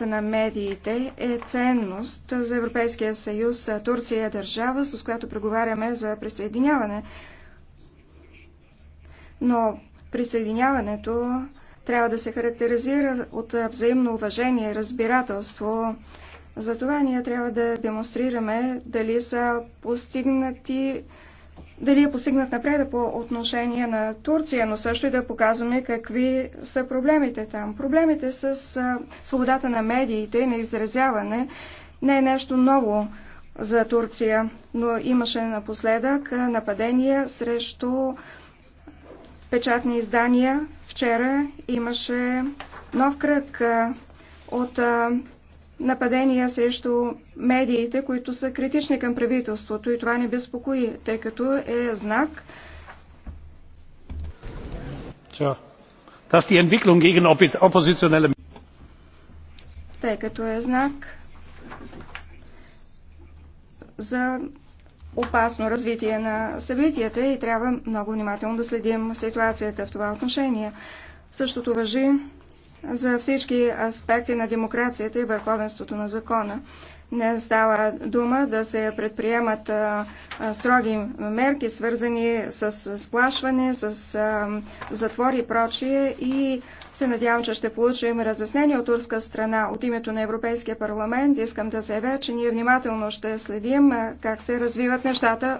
свободата на медиите е ценност за Европейския съюз. Турция е държава, с която преговаряме за присъединяване. Но присъединяването трябва да се характеризира от взаимно уважение и разбирателство. Затова ние трябва да демонстрираме дали са постигнати дали е постигнат напреда по отношение на Турция, но също и да показваме какви са проблемите там. Проблемите с свободата на медиите и на изразяване не е нещо ново за Турция, но имаше напоследък нападения срещу печатни издания. Вчера имаше нов кръг от нападения срещу медиите, които са критични към правителството и това не безпокои, тъй като е знак. Е тъй като е знак за опасно развитие на събитията и трябва много внимателно да следим ситуацията в това отношение. Същото въжи за всички аспекти на демокрацията и върховенството на закона. Не става дума да се предприемат строги мерки, свързани с сплашване, с затвори и прочие. И се надявам, че ще получим разяснение от турска страна. От името на Европейския парламент искам да заявя, че ние внимателно ще следим как се развиват нещата